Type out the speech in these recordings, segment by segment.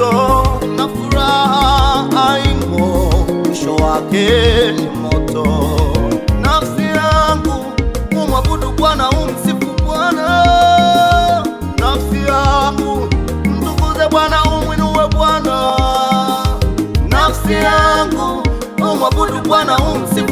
moto na furaha haimo mwisho wake ni moto. Nafsi yangu umwabudu Bwana, umsifu Bwana. Nafsi yangu mtukuze Bwana, umwinue Bwana. Nafsi yangu umwabudu Bwana, umsifu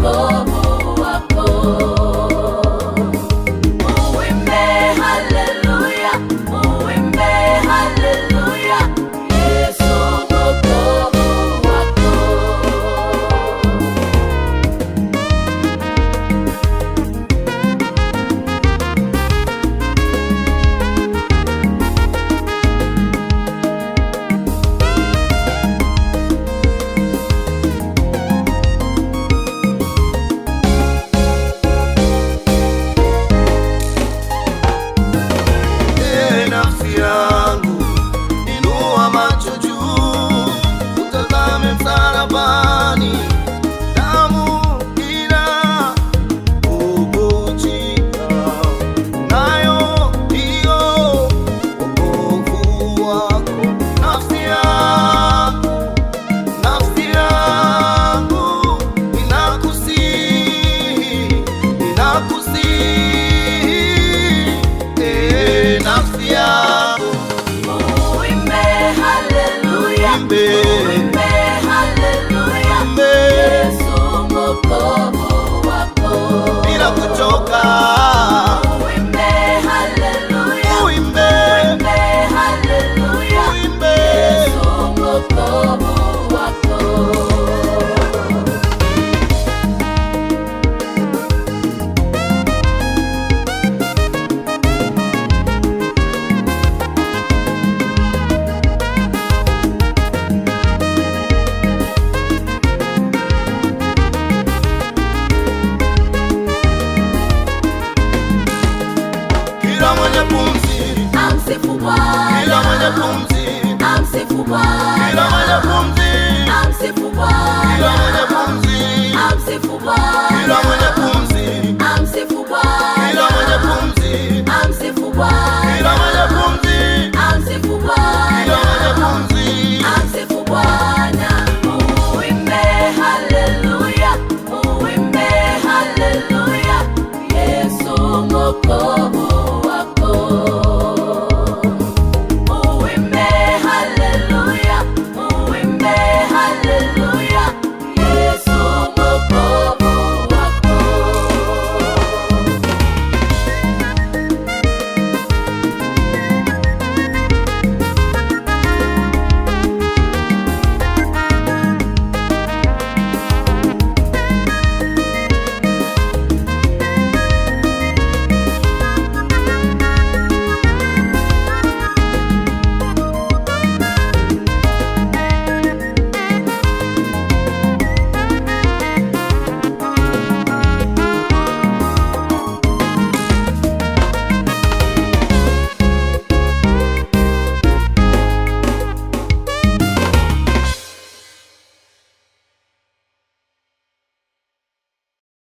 More. Kila mwenye pumzi amsifu Bwana, kila mwenye pumzi amsifu Bwana, kila mwenye pumzi amsifu Bwana.